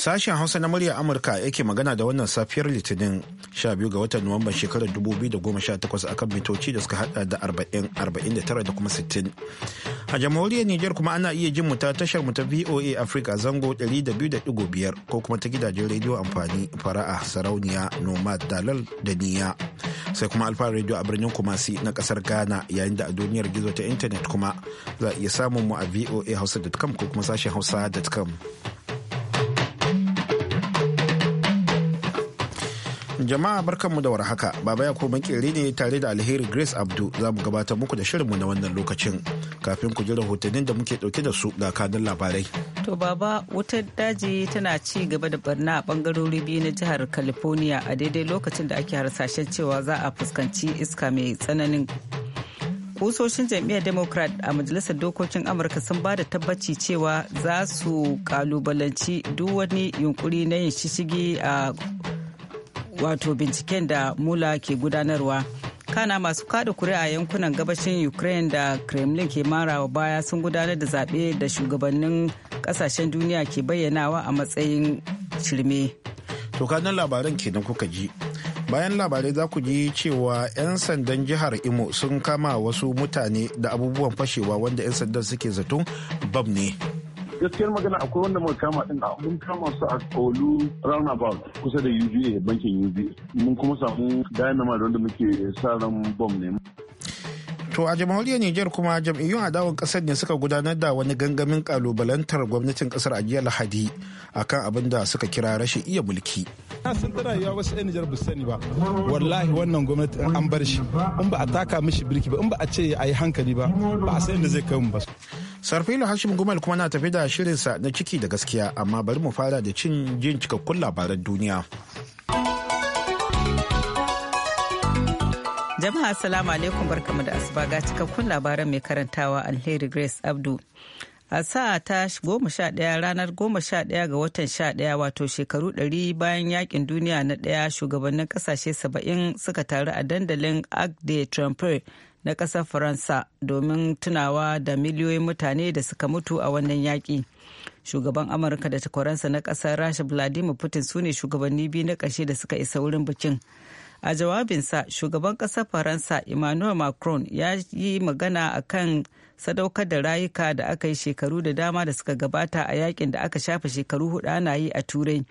Sashen Hausa na murya Amurka yake magana da wannan safiyar Litinin 12 ga watan Nuwamban shekarar 2018 akan mitoci da suka hada da 49 da kuma 60. A jamhuriyar Nijar kuma ana iya jin mu ta tashar mu ta VOA Africa zango 200.5 ko kuma ta gidajen rediyo amfani fara'a sarauniya nomad dalal da niya. Sai kuma alfa rediyo a birnin Kumasi na kasar Ghana yayin da a duniyar gizo ta intanet kuma za a iya samun mu a voa hausa.com ko kuma sashen hausa.com. Jama'a barkanmu da warhaka, Baba ya kuma ne tare da alheri Grace Abdu za mu gabatar muku da shirinmu na wannan lokacin kafin ku ji rahotannin da muke dauke da su ga kanun labarai. To Baba, wutar daji tana ci gaba da barna a bangarori biyu na jihar California a daidai lokacin da ake harsashen cewa za a fuskanci iska mai tsananin kusoshin jam'iyyar democrat a majalisar dokokin amurka sun ba da tabbaci cewa za su kalubalanci duk wani yunkuri na yin shishigi a wato binciken da mula ke gudanarwa kana masu kada kuri'a yankunan gabashin ukraine da kremlin ke marawa baya sun gudanar da zaɓe da shugabannin ƙasashen duniya ke bayyanawa a matsayin shirme to kanan labaran kenan kuka ji bayan labarai za ku ji cewa 'yan sandan jihar imo sun kama wasu mutane da abubuwan fashewa wanda 'yan sandan suke zaton bam ne gaskiyar magana akwai wanda muka kama din ah, mun kama su a kolu roundabout kusa da uba bankin uba mun kuma samu dynamite wanda muke sa ran bom ne to a jamhuriyar niger kuma jam'iyyun adawar kasar ne suka gudanar da wani gangamin kalubalantar gwamnatin kasar a jiya lahadi akan abin da suka kira rashin iya mulki na sun tana yawa wasu 'yan Nijar sani ba wallahi wannan gwamnati an bar shi in ba a taka mishi birki ba in ba a ce a yi hankali ba ba a san inda zai kai mu ba sarfilo hashim gumal kuma na tafi da shirinsa na ciki da gaskiya amma bari mu fara da cin jin cikakkun labaran duniya jama'a assalamu alaikum barkamu da asuba ga cikakkun labaran mai karantawa alheri grace abdu a sa'a ta goma sha ɗaya ranar goma sha ɗaya ga watan sha ɗaya wato shekaru ɗari bayan yakin duniya na ɗaya shugabannin ƙasashe saba'in suka taru a dandalin agde trumper na ƙasar faransa domin tunawa da miliyoyin mutane da suka mutu a wannan yaƙi shugaban amurka da takwaransa na ƙasar rasha vladimir putin su ne shugabanni biyu na ƙarshe da suka isa wurin bikin a jawabinsa shugaban ƙasar faransa emmanuel macron ya yi magana a kan sadaukar da rayuka da aka yi shekaru da dama da suka gabata a yakin da aka shafe shekaru hudu ana yi a turai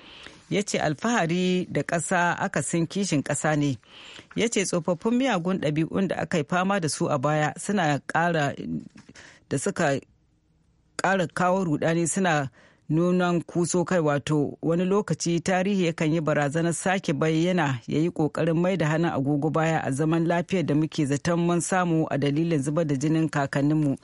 ya ce alfahari da ƙasa aka akasin kishin ƙasa ne ya ce tsofaffin miyagun ɗabi'un da aka yi fama da su a baya suna ƙara da suka ƙara kawo rudani suna nunan kuso kai wato wani lokaci tarihi yakan yi barazanar sake bayyana ya yi ƙoƙarin mai da hannun agogo baya a zaman lafiyar da muke zaton mun samu a dalilin zubar da jinin kakanninmu.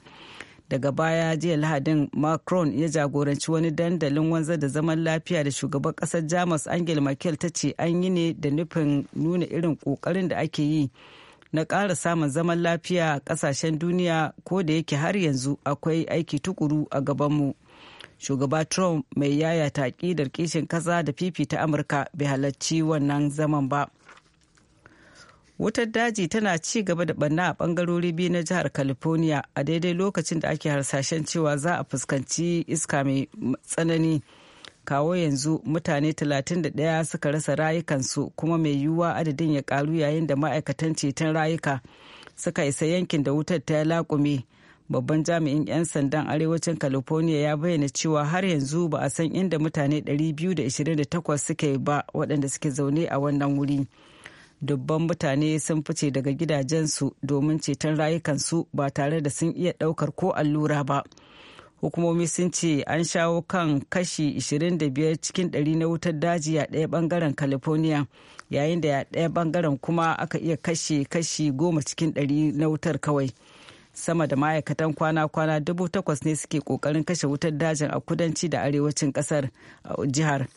daga baya jiya lahadin macron ya jagoranci wani dandalin wanzar da zaman lafiya da shugaban kasar jamus angela merkel ta ce an yi ne da nufin nuna irin kokarin da ake yi na ƙara samun zaman lafiya a ƙasashen duniya ko da yake har yanzu akwai aiki tukuru a gabanmu shugaba trump mai yaya taƙidar kishin ƙasa da fifita amurka bai halarci wannan zaman ba. wutar daji tana ci gaba da banna a bangarori biyu na jihar california a daidai lokacin da ake harsashen cewa za a fuskanci iska mai tsanani kawo yanzu mutane 31 suka rasa rayukansu kuma mai yiwuwa adadin ya karu yayin da ma'aikatan ceton rayuka suka isa yankin da wutar ta laƙume babban jami'in 'yan sandan arewacin california ya bayyana cewa har yanzu ba a san inda mutane 228 suke ba waɗanda suke zaune a wannan wuri. dubban mutane sun fice daga gidajensu domin ceton rayukansu ba tare da sun iya ɗaukar ko allura ba hukumomi sun ce an shawo kan kashi 25 cikin 100 na wutar daji a ɗaya bangaren california yayin da ɗaya bangaren kuma aka iya kashe kashi 10 cikin 100 na wutar kawai sama da ma'aikatan kwana-kwana dubu takwas ne suke kokarin kashe wutar dajin a kudanci da arewacin kasar jihar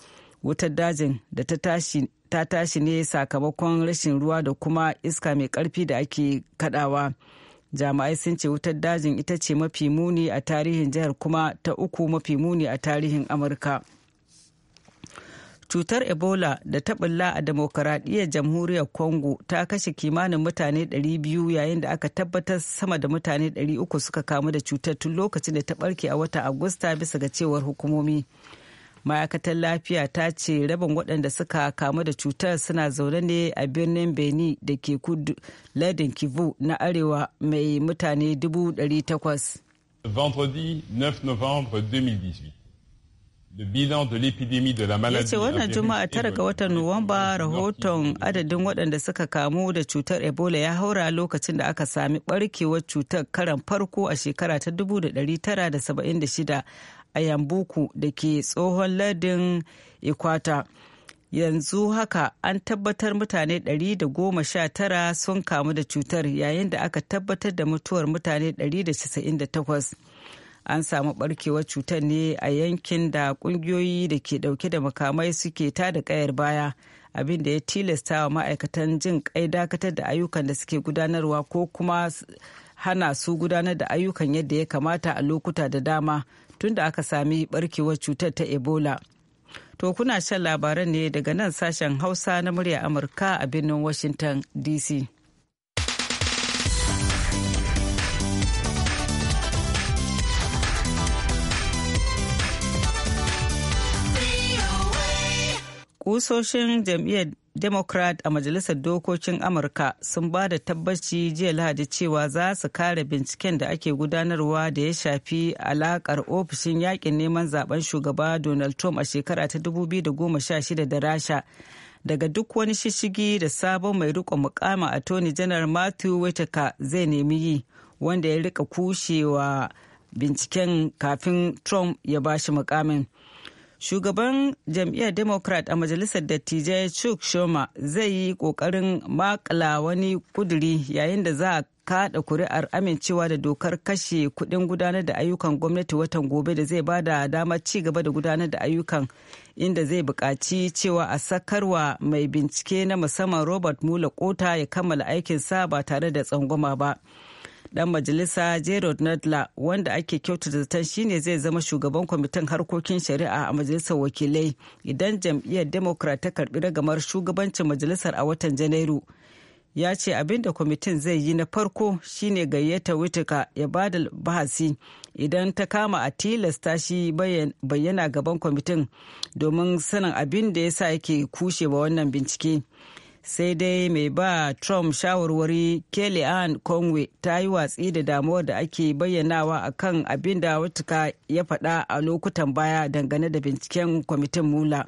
wutar dajin da ta tashi ta tashi ne sakamakon rashin ruwa da kuma iska mai karfi da ake kadawa jami'ai sun ce wutar dajin ita ce mafi muni a tarihin jihar kuma ta uku mafi muni a tarihin amurka cutar ebola da ta bulla a demokaradiyyar jamhuriyar congo ta kashe kimanin mutane 200 yayin da aka tabbatar sama da mutane 300 suka kamu da cutar tun lokacin da ta barke a watan agusta bisa ga cewar hukumomi ma'aikatar lafiya ta ce rabin waɗanda suka kamu da cutar suna zaune ne a birnin beni da ke kudu ladin kivu na arewa mai mutane 800 ya ce wannan juma'a tara ga watan nuwamba rahoton adadin waɗanda suka kamu da cutar ebola ya haura lokacin da aka sami ɓarkewar cutar karan farko a shekara ta 1976 a Yambuku da ke tsohon lardin Ikwata. Yanzu haka an tabbatar mutane 119 sun kamu da cutar yayin da aka tabbatar da mutuwar mutane 198. An samu barkewar cutar ne a yankin da kungiyoyi da ke dauke da makamai suke tada kayar baya. abinda ya tilasta wa ma'aikatan jin kai dakatar da ayyukan da suke gudanarwa ko kuma hana su gudanar da ayyukan yadda ya kamata a lokuta da dama tunda aka sami barkewar cutar ta ebola to kuna shan labaran ne daga nan sashen hausa na murya amurka a birnin washington dc kusoshin jam'iyyar democrat a majalisar dokokin amurka sun ba da tabbaci jiya lahadi cewa za su kare binciken da ake gudanarwa da ya shafi alakar ofishin yakin neman zaben shugaba donald trump a shekara ta 2016 da rasha daga duk wani shishigi da sabon mai rikon mukama a tony janar matthew whitaker zai nemi yi wanda ya rika kushewa binciken kafin trump ya bashi mukamin. shugaban jam'iyyar democrat a majalisar dattijai chuck schumer zai yi kokarin makala wani kuduri yayin da za a kada kuri'ar amincewa da dokar kashe kudin gudanar da ayyukan gwamnati watan gobe da zai bada damar ci gaba da gudanar da ayyukan inda zai buƙaci cewa a sakarwa mai bincike na musamman robert mueller kota ya kammala aikinsa ba tare da tsangwama ba. dan majalisa gerald nadler wanda ake kyautata zaton shine zai zama shugaban kwamitin harkokin shari'a a majalisar wakilai idan jam'iyyar democrat ta karbi ragamar shugabancin majalisar a watan janairu ya ce abin da kwamitin zai yi na farko shine gayyata wituka ya ba da bahasi idan ta kama a tilasta shi bayyana gaban kwamitin domin sanin abin da ya sa yake kushe wannan bincike. sai dai mai ba trump shawarwari kellyanne conway ta yi watsi da damuwar da ake bayyanawa a kan abin da watuka ya faɗa a lokutan baya dangane da binciken kwamitin mula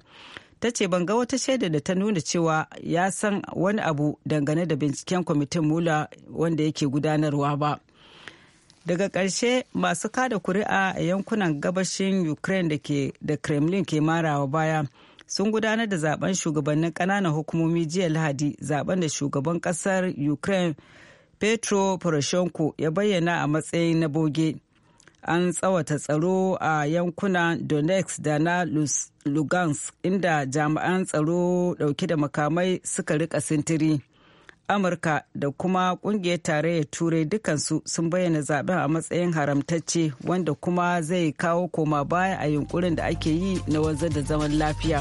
ta ce ban ga wata shaida da ta nuna cewa ya san wani abu dangane da binciken kwamitin mula wanda yake gudanarwa ba daga ƙarshe masu kada kuri'a a yankunan gabashin ukraine da kremlin ke marawa baya sun gudanar da zaben shugabannin ƙananan hukumomi jiya lahadi zaben da shugaban ƙasar ukraine petro poroshenko ya bayyana a matsayin na boge an tsawata tsaro a yankunan donetsk da na lugansk inda jami'an tsaro dauke da makamai suka rika sintiri amurka da kuma kungiyar tarayyar turai dukansu sun bayyana zaben a matsayin haramtacce wanda kuma zai kawo koma baya a yunkurin da ake yi na waza da zaman lafiya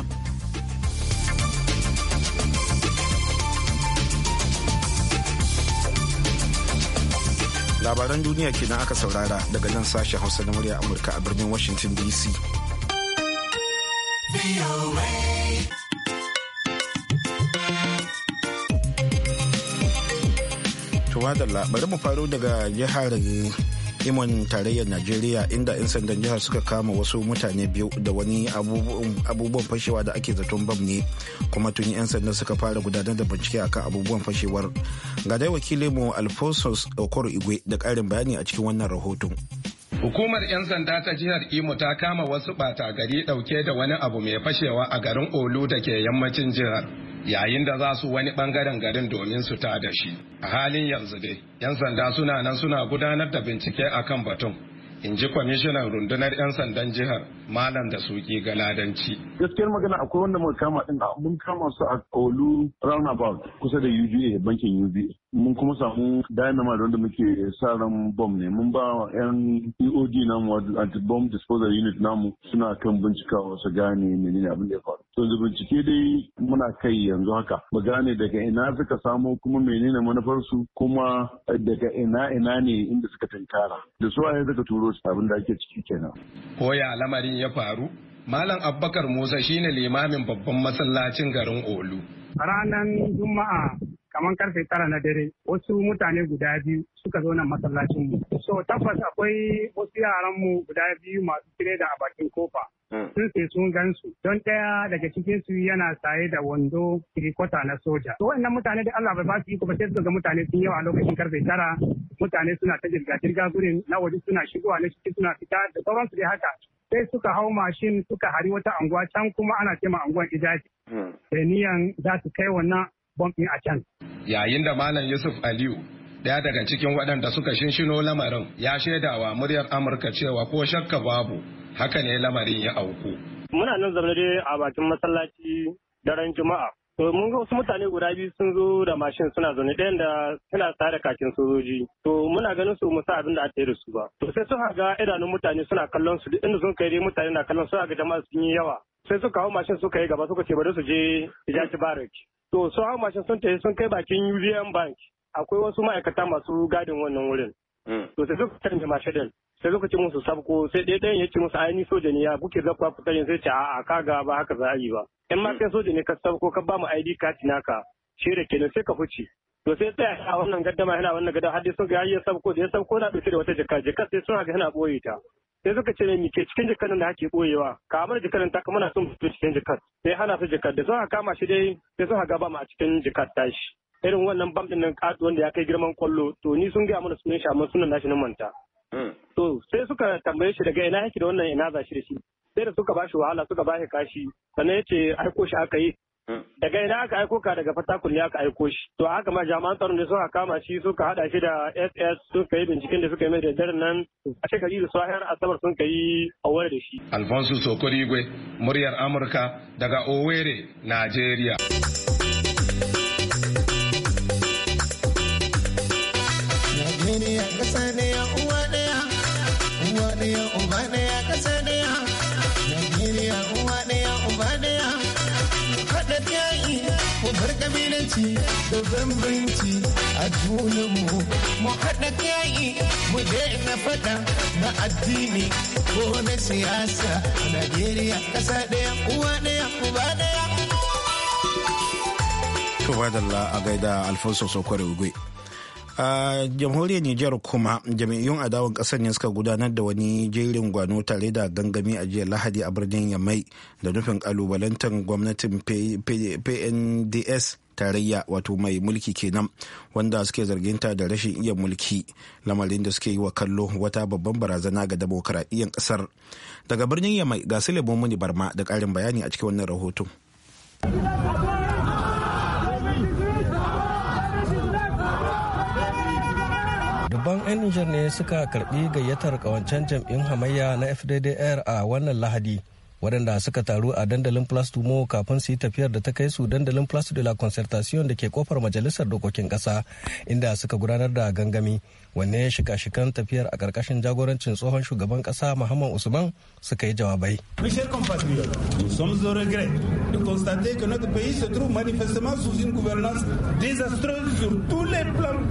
labaran duniya kenan aka saurara daga nan sashen hausa na murya amurka a birnin washington dc madalla bari mu faro daga jihar imon tarayyar najeriya inda 'yan sandan jihar suka kama wasu mutane biyu da wani abubuwan fashewa da ake zaton bam ne kuma tuni 'yan sandan suka fara gudanar da bincike akan abubuwan fashewar ga dai wakilinmu alphonsus okor igwe da karin bayani a cikin wannan rahoton Hukumar 'yan sanda ta jihar Imo ta kama wasu bata gari ɗauke da wani abu mai fashewa a garin Olu da ke yammacin jihar. yayin da za su wani bangaren garin domin su ta da shi a halin yanzu dai yan sanda suna nan suna gudanar da bincike akan batun in ji kwamishinan rundunar yan sandan jihar malam da suke galadanci. Gaskiyar magana akwai wanda muka kama din ah, mun kama su a Olu roundabout kusa da UBA bankin UBA. Mun kuma samu dynamite wanda muke sa ran bom ne mun ba yan EOD namu anti bomb disposal unit namu suna kan bincikawa su gane menene abin da ya faru. To bincike dai muna kai yanzu haka. Ba gane daga ina suka samo kuma menene manufarsu kuma daga ina ina ne inda suka tankara. Da su a yanzu ka turo abin da ake ciki kenan. ya lamarin ya faru? Malam Abubakar Musa shine limamin babban masallacin garin Olu. Ranar Juma'a kamar karfe tara na dare wasu mutane guda biyu suka zo nan masallacin mu. So tabbas akwai wasu yaran mu guda biyu masu tireda da a bakin kofa. Hmm. Sun sai sun gan su don ɗaya daga cikin su yana saye da wando kirikota na soja. To wannan mutane da Allah bai ba su yi kuma sai su ga mutane sun yawa lokacin karfe tara mutane suna ta jirga jirga gurin na waje suna shigowa na ciki suna fita da sauransu dai haka. sai suka hau mashin suka hari wata anguwa can kuma ana cema anguwan ijaji da hmm. niyan za su kai wannan bombin a can yayin da malam yusuf aliyu ɗaya daga cikin waɗanda suka shinshino lamarin ya shaidawa muryar amurka cewa ko shakka babu haka ne lamarin ya auku muna nan zaune a bakin masallaci daren juma'a To mun ga wasu mutane guda biyu sun zo da mashin suna zaune ɗayan da suna tsara kakin sojoji. To muna ganin su musa abin da aka yi da su ba. To sai suka ga idanun mutane suna kallon su duk inda sun kai dai mutane na kallon suna ga jama'a sun yi yawa. Sai suka hau mashin suka yi gaba suka ce bari su je Ijaci Barak. To su hau mashin sun tafi sun kai bakin UVM Bank. Akwai wasu ma'aikata masu gadin wannan wurin. Mm. To sai suka canja mashin sai lokacin musu sabko sai ɗaya ɗayan ya ce musu ai soja ne ya buke zakwa fitar yin sai ce a'a ka ga ba haka za a yi ba in ma mm. kai soja ne ka sabko ka ba mu ID card naka shi da kenan sai ka fice to sai tsaya a wannan gaddama yana wannan gaddama har dai sun ga ya sabko da ya sabko na ɗauke da wata jaka jaka sai suna ga yana ɓoye ta sai suka ce mai ke cikin jikan da ake ɓoyewa kamar jikan ta kuma na sun fito cikin jikan sai hana su jikan da suka kama shi dai sai suka gaba mu a cikin jikan tashi irin wannan bam din nan katu da ya kai girman kwallo to ni sun gaya mana sunan shi amma sunan nashi na manta Mm. To sai suka tambaye shi daga ina yake da wannan ina za shi da shi. Sai da suka bashi wahala suka bashi kashi sannan ya ce aiko shi aka yi. Mm. Daga ina aka aiko ka daga fatakun ne aka aiko shi. To haka ma jami'an tsaron da suka kama shi suka hada shi da SS suka yi binciken da suka yi mai da daren nan a shekaru da sahiyar asabar sun ka yi awar da shi. Alfonso Sokorigwe muryar Amurka daga Owerri, Najeriya. Yeah, ƙasa ne ci da bambanci a junanmu mu haɗa kai mu na faɗa na addini ko na siyasa Najeriya ƙasa ɗaya uwa ɗaya uba ɗaya. a gaida Alfonso Sokore Ugwe. a jamhuriyar Nijar kuma jami'un adawan kasar ne suka gudanar da wani jerin gwano tare da gangami a jiya lahadi a birnin yamai da nufin kalubalantar gwamnatin pnds tarayya wato mai mulki kenan wanda suke zarginta da rashin iya mulki lamarin da suke yi wa kallo wata babban barazana ga demokaradiyyar kasar daga birnin yamai ga silibu muni barma da ƙarin bayani a cikin wannan rahoton dubban 'yan nijar ne suka karbi gayyatar kawancen jam'in hamayya na fddr a wannan lahadi waɗanda suka taru a dandalin Place du kafin su yi tafiyar da ta kai su dandalin Place de la Concertation da ke kofar majalisar dokokin ƙasa inda suka gudanar da gangami wanne shika-shikan tafiyar a ƙarƙashin jagorancin tsohon shugaban ƙasa Muhammad Usman suka yi jawabai.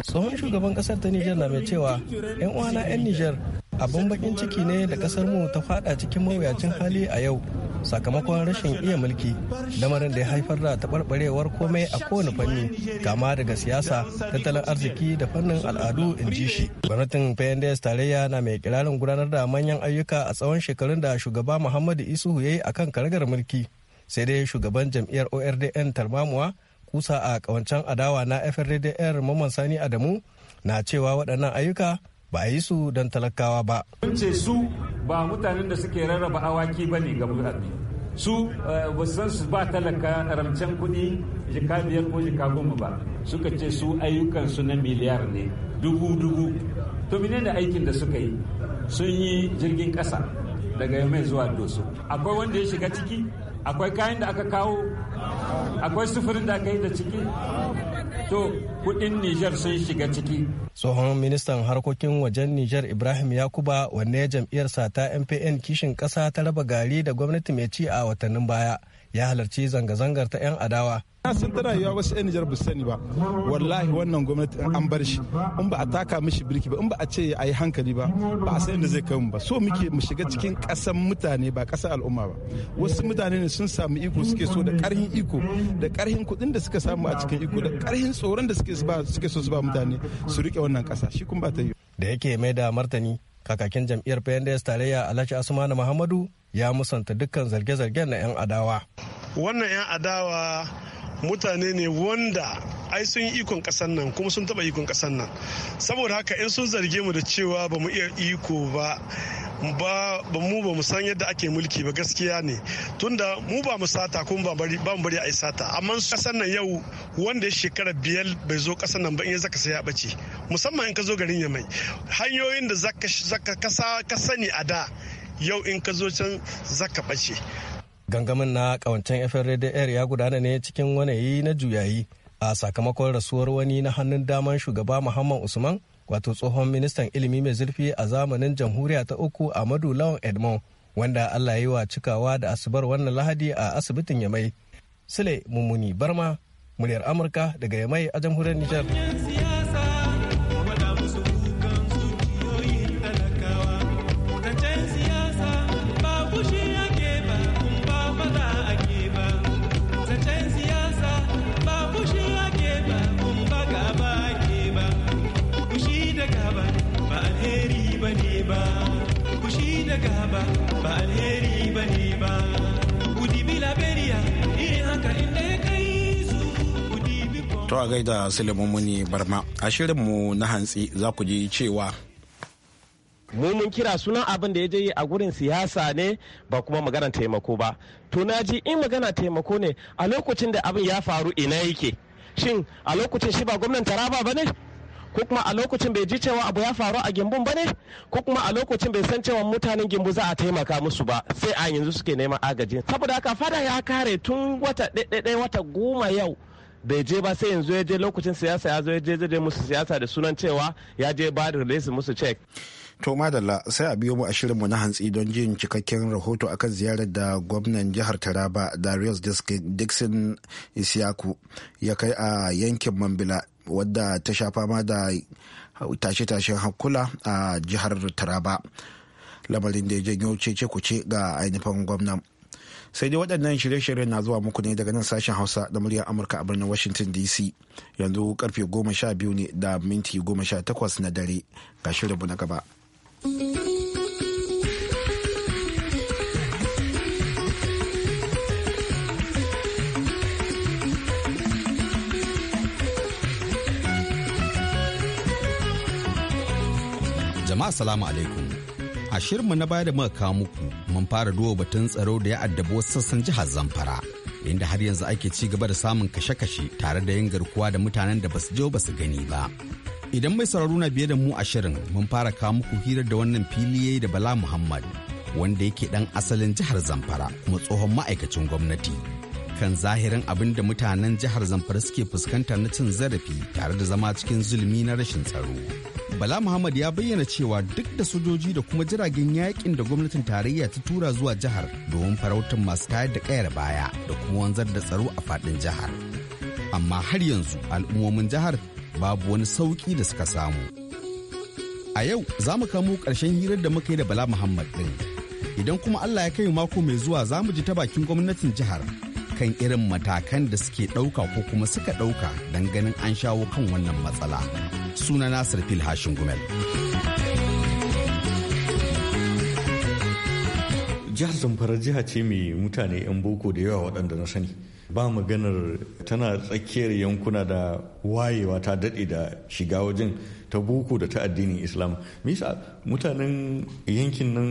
Tsohon shugaban ƙasar ta Nijar na mai cewa 'yan uwana 'yan Nijar abin bakin ciki ne da kasar mu ta fada cikin mawuyacin hali a yau sakamakon rashin iya mulki lamarin da ya haifar da taɓarɓarewar komai a kowane fanni kama daga siyasa tattalin arziki da fannin al'adu in ji shi gwamnatin pnds tarayya na mai kirarin gudanar da manyan ayyuka a tsawon shekarun da shugaba muhammadu isu ya yi a karagar mulki sai dai shugaban jam'iyyar ordn tarmamuwa kusa a kawancen adawa na frdr mamman sani adamu na cewa waɗannan ayyuka ba a yi su don talakawa ba. Sun ce su ba mutanen da suke rarraba awaki ba ne ga mutane. Su eh, ba san su ba talaka ramcen kuɗi jika biyar ko jika goma ba. Suka ce su ayyukansu na miliyar ne dubu dubu. To mine da aikin da suka yi sun yi jirgin ƙasa daga mai zuwa doso. Akwai wanda ya shiga ciki? Akwai kayan da aka kawo? Akwai sufurin da aka yi da ciki? to kudin Nijar sun shiga ciki. Tsohon ministan harkokin wajen Nijar Ibrahim Yakuba wanne jam'iyyarsa ta MPN kishin ƙasa ta raba gari da gwamnati mai ci a watannin baya ya halarci zanga-zangar ta 'yan adawa na san tana yiwa wasu 'yan Nijar sani ba wallahi wannan gwamnati an bar shi in ba a taka mishi birki ba in ba a ce a yi hankali ba ba a san da zai kai mu ba so muke mu shiga cikin kasan mutane ba kasan al'umma ba wasu mutane ne sun samu iko suke so da karhin iko da karhin kuɗin da suka samu a cikin iko da karhin tsoron da suke so su ba mutane su rike wannan kasa shi kun ba ta yi da yake mai da martani kakakin jam'iyyar pnds tarayya alhaji asmanu muhammadu ya musanta dukkan zarge-zargen na 'yan adawa wannan 'yan adawa mutane ne wanda ai sun yi ikon kasan nan kuma sun taba ikon kasan nan saboda haka in sun zarge mu da cewa ba mu iya iko ba ba mu ba mu san yadda ake mulki ba gaskiya ne tunda mu ba mu sata kuma ba bari ba mu bari ai sata amma kasan nan yau wanda ya shekara biyar bai zo kasan nan ba in ya zaka sai ya bace musamman in ka zo garin Yamai hanyoyin da zaka zaka kasa ka sani a da yau in ka zo can zaka bace gangamin na kawancen fm air ya gudana ne cikin wani na juyayi a sakamakon rasuwar wani na hannun daman shugaba muhammad usman wato tsohon ministan ilimi mai zurfi a zamanin jamhuriya ta uku amadu lawan edmond wanda allah ya yi wa cikawa da asibar wannan lahadi a asibitin yamai sule mummuni barma muryar amurka daga yamai a jamhuriyar nijar To a gaida Suleiman Muni Barma, a shirinmu na hantsi za ku ji cewa mu mun kira sunan abin da ya je a gurin siyasa ne ba kuma maganar taimako ba to na ji in magana taimako ne a lokacin da abin ya faru ina yake shin a lokacin shi ba gwamnan taraba ba ne ko kuma a lokacin bai ji cewa abu ya faru a gimbun ba ne ko kuma a lokacin bai san cewa mutanen gimbu za a taimaka musu ba sai a yanzu suke neman agaji saboda haka fada ya kare tun wata ɗaiɗaiɗai wata goma yau bai je ba sai yanzu ya je lokacin siyasa ya zo ya je zai je musu siyasa da sunan cewa ya je ba da release musu check to madalla sai a biyo mu a shirinmu na hantsi don jin cikakken rahoto akan ziyarar da gwamnan jihar taraba darius dixon isiyaku ya kai a yankin mambila wadda ta sha fama da tashe-tashen hankula a jihar taraba lamarin da ya janyo ce ku ce ga ainihin gwamnan sai dai waɗannan shirye-shiryen na zuwa muku ne daga nan sashen hausa da muryar amurka a birnin washington dc yanzu karfe goma sha biyu ne da minti goma sha takwas na dare ga shirinmu na gaba jama'a salamu alaikum A shirinmu na baya da muka kawo muku mun fara duba batun tsaro da ya addabi wasu sassan jihar Zamfara. Inda har yanzu ake ci gaba da samun kashe-kashe tare da yin garkuwa da mutanen da basu je ba su gani ba. Idan mai sauraro na biye da mu a shirin mun fara kawo muku hirar da wannan fili yayi da Bala Muhammad wanda yake dan asalin jihar Zamfara kuma tsohon ma'aikacin gwamnati. kan zahirin abin da mutanen jihar Zamfara suke fuskanta na cin zarafi tare da zama cikin zulumi na rashin tsaro. Bala Muhammad ya bayyana cewa duk da sojoji da kuma jiragen yakin da gwamnatin tarayya ta tura zuwa jihar domin farautar masu tayar da kayar baya da kuma wanzar da tsaro a faɗin jihar. Amma har yanzu al'ummomin jihar babu wani sauƙi da suka samu. A yau za mu kamo ƙarshen hirar da muka yi da Bala Muhammad ɗin. Idan kuma Allah ya kai mako mai zuwa za mu ji ta bakin gwamnatin jihar kan irin matakan da suke ɗauka ko kuma suka ɗauka don ganin an shawo kan wannan matsala. suna Nasir Filhashin Gumel. Jihar Zamfara jiha ce mai mutane 'yan boko da yawa waɗanda na sani. Ba maganar tana tsakiyar yankuna da wayewa ta daɗe da shiga wajen ta boko da ta addinin islam misa mutanen yankin nan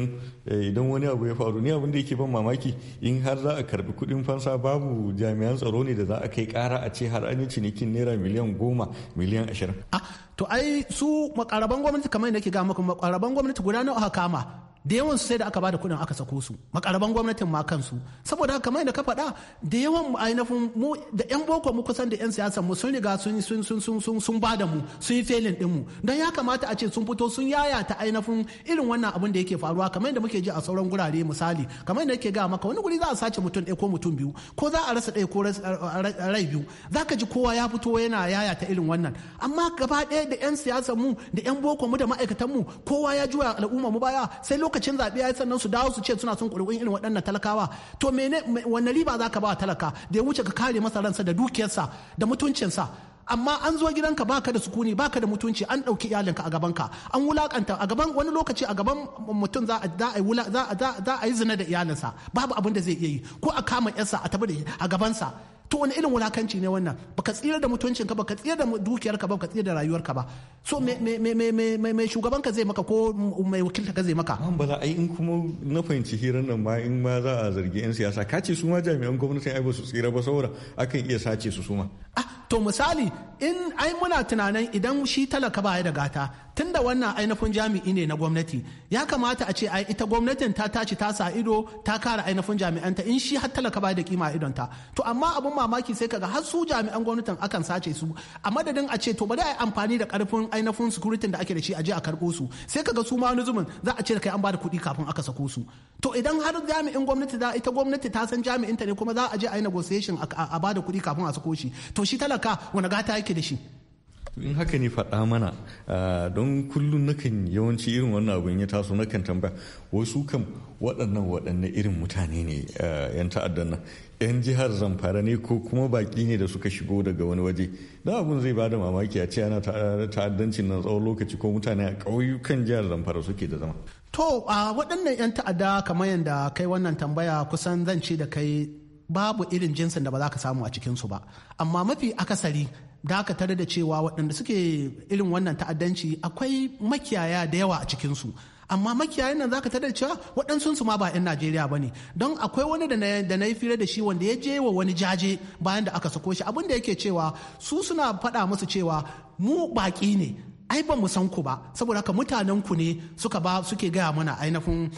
eh, idan wani abu ya faru ni abin da yake ban mamaki in har za a karbi kudin fansa babu jami'an tsaro ne da za a kai kara a ce har an yi cinikin naira miliyan goma miliyan ashirin. a ah, to ai su makaraban gwamnati kamar yadda ke ga maka makaraban gwamnati guda nawa aka kama da yawan sai da aka bada kuɗin aka sako su makaraban gwamnatin ma kansu saboda haka kamar da ka faɗa da yawan ainihin mu da yan boko mu kusan da yan siyasa mu sun riga sun sun sun sun sun bada mu sun yi felin din mu don ya kamata a ce sun fito sun yaya ta ainihin irin wannan abin da yake faruwa kamar yadda muke ji a sauran gurare misali kamar yadda yake ga maka wani guri za a sace mutum ɗaya ko mutum biyu ko za a rasa ɗaya ko rai biyu za ka ji kowa ya fito yana yaya ta irin wannan amma gaba ɗaya da 'yan siyasar mu da 'yan boko mu da ma'aikatan mu kowa ya juya al'umma mu baya sai lokacin zaɓe ya sannan su dawo su ce suna son ƙuri'un irin waɗannan talakawa to mene wanne riba za ka ba talaka da ya wuce ka kare masa ransa da dukiyarsa da mutuncinsa amma an zo gidanka baka da sukuni baka da mutunci an ɗauki iyalinka a gabanka an wulakanta a gaban wani lokaci a gaban mutum za a yi zina da iyalinsa babu abin da zai iya yi ko a kama yarsa a tabbata da a gabansa to wani irin wulakanci ne wannan baka tsira da mutuncinka baka tsira da dukiyarka ba ka tsira da rayuwarka ba so mai shugabanka ka zai maka ko mai wakilta ka zai maka an bala ai in kuma na fahimci hirar nan ma in ma za a zargi yan siyasa ka ce su ma jami'an gwamnatin ai ba su tsira ba saboda akan iya sace su su ma ah to misali in ai muna tunanin idan shi talaka ba ya da gata tunda wannan ainihin jami'i ne na gwamnati ya kamata a ce ai ita gwamnatin ta tashi ta sa ido ta kara ainihin jami'anta in shi har talaka ba da kima idon ta to amma abun mamaki sai kaga har su jami'an gwamnatin akan sace su a madadin a ce to bari a yi amfani da karfin ainihin security da ake da shi a je a karbo su sai kaga su ma wani za a ce kai an ba da kuɗi kafin aka sako su to idan har jami'in gwamnati da ita gwamnati ta san jami'in ta ne kuma za a je a yi negotiation a ba da kuɗi kafin a sako shi to shi talaka wani gata yake da shi in haka ne faɗa mana eh, don kullum nakan yawanci irin wannan abin ya taso nakan tambaya wasu kam waɗannan waɗanne irin mutane ne eh, 'yan ta'addan nan 'yan jihar zamfara ne ko kuma baƙi ne da suka shigo daga wani waje da abun zai bada mamaki a ce ana eh, ta'addanci na tsawon lokaci ko mutane a ƙauyukan jihar zamfara suke da zama to a waɗannan 'yan ta'adda kamar yadda kai wannan tambaya kusan zan ce da kai babu irin jinsin da ba za ka samu a cikinsu ba amma mafi akasari da tare da cewa waɗanda suke irin wannan ta'addanci akwai makiyaya da yawa a cikinsu amma makiyayan nan zaka da cewa waɗansu su ma ba 'yan Najeriya ba ne don akwai wani da na yi fira da shi wanda ya je wa wani jaje bayan da aka sako shi abin da yake cewa su suna faɗa musu cewa mu baƙi ne ai ba mu san ku ba saboda haka mutanen ku ne suka ba suke gaya mana ainihin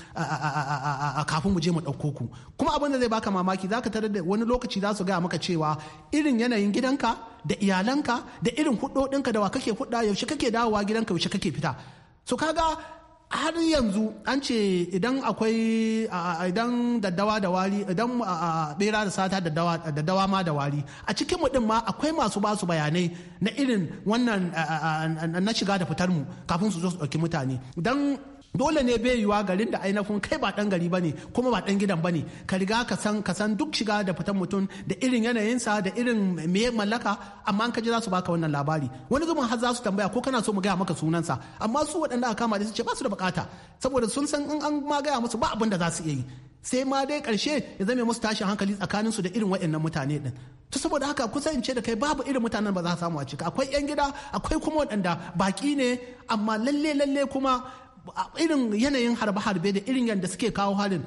kafin mu je mu ɗauko ku kuma abin da zai baka mamaki za ka tarar da wani lokaci za su gaya maka cewa irin yanayin gidanka da iyalanka da irin hudodinka da wa kake hudda yaushe kake dawowa gidanka yaushe kake fita so kaga har yanzu an ce idan akwai idan daddawa da wari idan bera da sata daddawa ma da wari a cikin din ma akwai masu basu bayanai na irin wannan na shiga da fitar mu kafin su zo su ɗauki mutane don dole ne bai yiwa garin da ainihin kai ba dan gari bane kuma ba dan gidan bane ka riga ka san ka san duk shiga da fitan mutum da irin yanayinsa da irin me mallaka amma an ka ji za su baka wannan labari wani zuman har za su tambaya ko kana so mu gaya maka sunansa amma su waɗanda aka kama da su ce ba su da bukata saboda sun san in an ma gaya musu ba abin da za su iya yi sai ma dai karshe ya zame musu tashin hankali tsakanin su da irin waɗannan mutane din to saboda haka kusa in ce da kai babu irin mutanen ba za su samu a cika akwai yan gida akwai kuma waɗanda baki ne amma lalle lalle kuma irin yanayin harbe-harbe da irin yadda suke kawo halin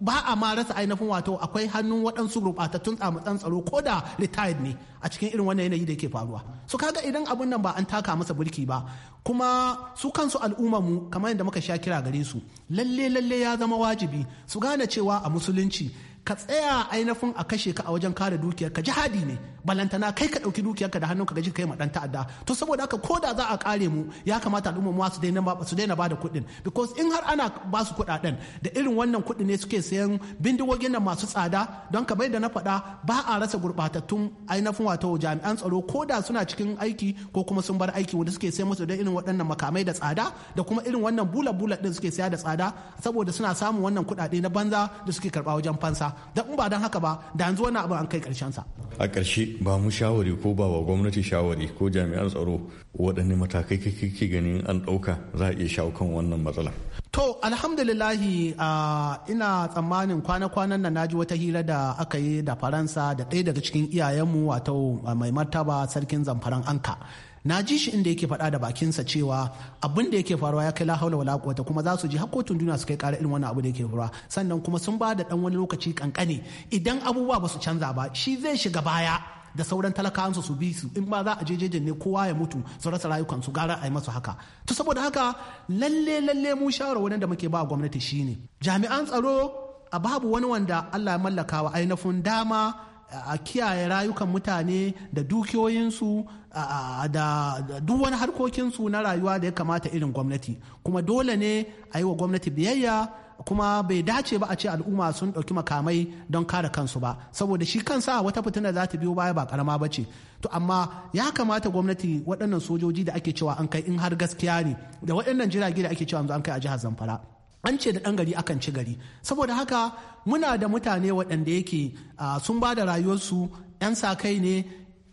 ba a ma rasa ainihin wato akwai hannun waɗansu gurɓatattun tsamutsan tsaro ko da retired ne a cikin irin wannan yanayi da yake faruwa su kaga idan abun nan ba an taka masa burki ba kuma su kansu al'ummar mu kamar yadda muka sha kira gare su lalle lalle ya zama wajibi su gane cewa a musulunci ka tsaya ainihin a kashe ka a wajen kare dukiyar ka jihadi ne balantana kai ka dauki dukiyar ka da ka gaji kai ma dan ta'adda to saboda haka ko da za a kare mu ya kamata al'umma mu su daina ba su daina bada kuɗin because in har ana ba su kuɗaɗen da irin wannan kuɗi ne suke sayan bindigogin nan masu tsada don kamar da na faɗa ba a rasa gurbatattun ainihin wato jami'an tsaro ko da suna cikin aiki ko kuma sun bar aiki wanda suke sayan musu da irin waɗannan makamai da tsada da kuma irin wannan bula bula din suke saya da tsada saboda suna samun wannan kuɗaɗe na banza da suke karɓa wajen fansa da in ba dan haka ba da yanzu wani abu an kai karshen sa a karshe ba mu shawari ko ba wa gwamnati shawari ko jami'an tsaro waɗanne matakai kake ganin an ɗauka za a iya shawo kan wannan matsala to alhamdulillahi ina tsammanin kwana-kwanan nan naji wata hira da aka yi da faransa da ɗaya daga cikin iyayenmu wato mai martaba sarkin zamfaran anka na ji shi inda yake faɗa da bakinsa cewa abin da yake faruwa ya kai la haula wala quwwata kuma za su ji hakkokin duniya su kai ƙara irin wannan abu da yake faruwa sannan kuma sun ba da dan wani lokaci kankane idan abubuwa ba su canza ba shi zai shiga baya da sauran talakawan su bi su in ba za a je ne kowa ya mutu su rasa rayukan su gara a yi masu haka to saboda haka lalle lalle mu wannan da muke ba gwamnati shine jami'an tsaro a babu wani wanda Allah ya mallaka wa ainihin dama a kiyaye rayukan mutane da dukiyoyinsu da duk wani harkokinsu na rayuwa da ya kamata irin gwamnati kuma dole ne a yi wa gwamnati biyayya kuma bai dace ba a ce al'umma sun ɗauki makamai don kare kansu ba saboda shi kansa wata fitina za ta biyo baya ba karama ba ce to amma ya kamata gwamnati waɗannan sojoji da ake cewa an kai in har gaskiya ne da waɗannan jirage da ake cewa an kai a jihar zamfara an ce da ɗan gari akan ci gari saboda haka muna da mutane waɗanda yake ah, sun ba da rayuwarsu 'yan sa kai ne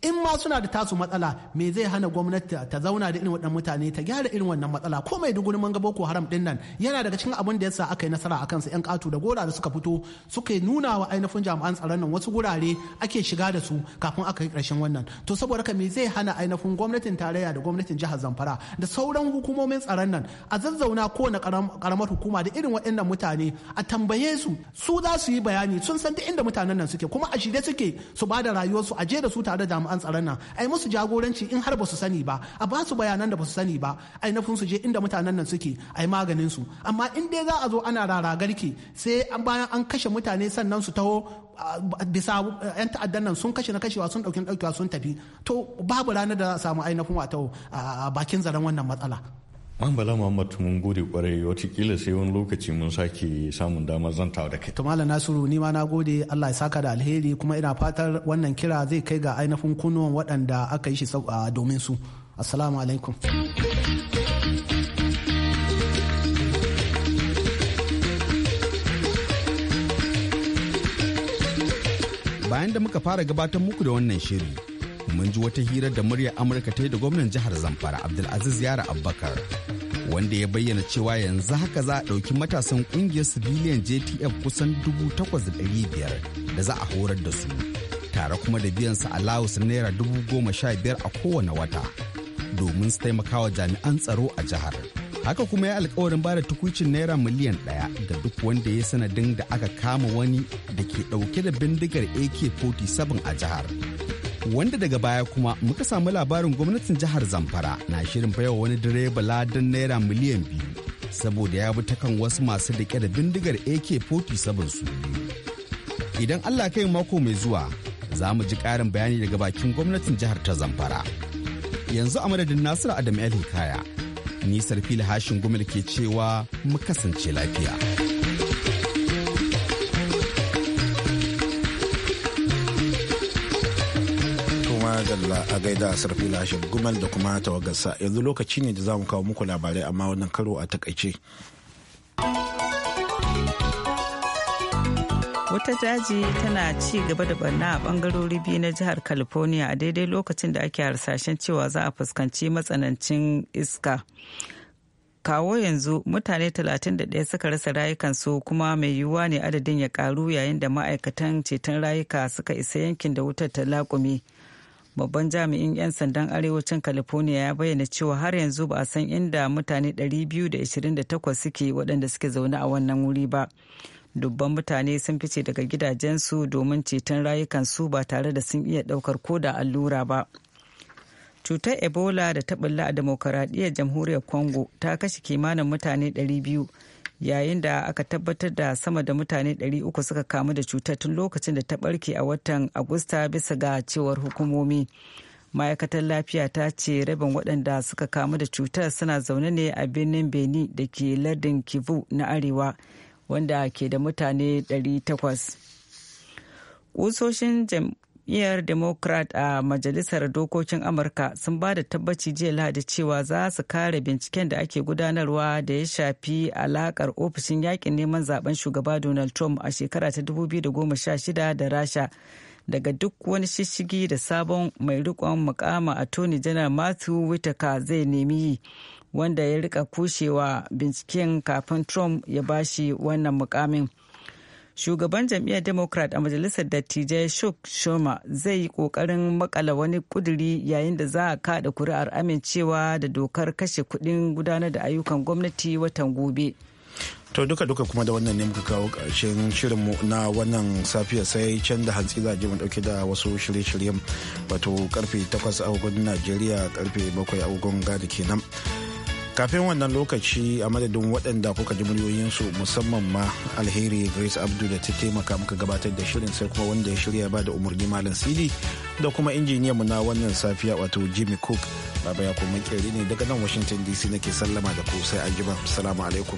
in ma suna da tasu matsala me zai hana gwamnati ta zauna da irin waɗannan mutane ta gyara irin wannan matsala ko mai duguri manga ko boko haram din nan yana daga cikin abin da yasa aka yi nasara akan su yan katu da gora da suka fito suka yi nuna wa ainihin jami'an tsaron nan wasu gurare ake shiga da su kafin aka yi ƙarshen wannan to saboda haka me zai hana ainihin gwamnatin tarayya da gwamnatin jihar Zamfara da sauran hukumomin tsaron nan a zazzauna ko na karamar hukuma da irin waɗannan mutane a tambaye su su za su yi bayani sun san duk inda mutanen nan suke kuma a shirye suke su bada da rayuwarsu a je da su tare da an tsaron nan ai musu jagoranci in har ba su sani ba a ba su bayanan da ba su sani ba ai nafin su je inda mutanen nan suke ai maganin su amma in dai za a zo ana rara garke sai bayan an kashe mutane sannan su taho bisa yan ta'addan nan sun kashe na kashewa sun dauki daukewa sun tafi to babu ranar da za a samu ainihin wato bakin zaren wannan matsala bala Muhammad mun gode kwarai watakila sai wani lokaci mun sake samun damar zantawa da kai. To Nasiru ni ma na gode Allah ya saka da alheri kuma ina fatar wannan kira zai kai ga ainihin kunuwan waɗanda aka yi shi ah, domin su. Assalamu alaikum. Bayan da muka fara gabatar muku da wannan shiri mun ji wata hirar da muryar amurka ta yi da gwamnan jihar zamfara abdulaziz yara Abubakar wanda ya bayyana cewa yanzu haka za a ɗauki matasan ƙungiyar civilian jtf kusan dubu 8,500 da biyar da za a horar da su tare kuma da biyan su allowus naira biyar a kowane wata domin su taimakawa jami'an tsaro a jihar haka kuma ya alkawarin ba da tukucin naira miliyan ɗaya ga duk wanda ya sanadin da aka kama wani da ke ɗauke da bindigar ak-47 a jihar wanda daga baya kuma muka samu labarin gwamnatin jihar zamfara na shirin baiwa wani direba ladan naira miliyan biyu saboda ya bi ta kan wasu masu rike da bindigar ak-47 su idan allah kai mako mai zuwa za mu ji ƙarin bayani daga bakin gwamnatin jihar ta zamfara yanzu a madadin nasiru adam el hikaya ni sarfil hashin gumil ke cewa mu kasance lafiya. madalla a gaida sarfi lashin gumal da kuma tawagarsa yanzu lokaci ne da za mu kawo muku labarai amma wannan karo a takaice. wata daji tana ci gaba da barna a bangarori biyu na jihar california a daidai lokacin da ake harsashen cewa za a fuskanci matsanancin iska kawo yanzu mutane 31 suka rasa rayukansu kuma mai yiwuwa ne adadin ya karu yayin da ma'aikatan ceton rayuka suka isa yankin da wutar ta laƙumi. babban jami'in 'yan sandan arewacin california ya bayyana cewa har yanzu ba a san inda mutane 228 suke waɗanda suke zaune a wannan wuri ba dubban mutane sun fice daga gidajensu domin ceton rayukansu ba tare da sun iya ɗaukar koda allura ba cutar ebola da ta bulla a demokaradiyyar jamhuriyar congo ta kashe kimanin mutane 200 yayin da aka tabbatar da sama da mutane 300 suka kamu da cutar tun lokacin da ta barke a watan agusta bisa ga cewar hukumomi ma'aikatar lafiya ta ce rabin waɗanda suka kamu da cutar suna zaune ne a birnin benin da ke lardin kivu na arewa wanda ke da mutane 800 kusoshin jam'iyyar democrat a majalisar dokokin amurka sun ba da tabbaci jiya lahadi cewa za su kare binciken da ake gudanarwa da ya shafi alakar ofishin yakin neman zaben shugaba donald trump a shekara ta 2016 da rasha daga duk wani shishigi da sabon mai rikon mukama attorney general matthew whitaker zai nemi yi wanda ya rika kushewa binciken kafin trump ya bashi wannan mukamin. shugaban jam'iyyar democrat a majalisar dattijai shuk shoma zai yi kokarin makala wani kuduri yayin da za a kada kuri'ar amincewa da dokar kashe kudin gudanar da ayyukan gwamnati watan gobe to duka duka kuma da wannan ne muka kawo ƙarshen mu na wannan safiya sai can da hantsi za je mu dauke da wasu shirye-shiryen wato karfe 8 agogon najeriya karfe 7 a agogon gada kenan kafin wannan lokaci a madadin waɗanda kuka ji muryoyinsu musamman ma alheri grace abdu da ta taimaka muka gabatar da shirin sai kuma wanda ya shirya ba da umarni malam sidi da kuma mu na wannan safiya wato jimmy cook baba ya kuma ne daga nan washington dc nake sallama da ku sai an salamu alaikum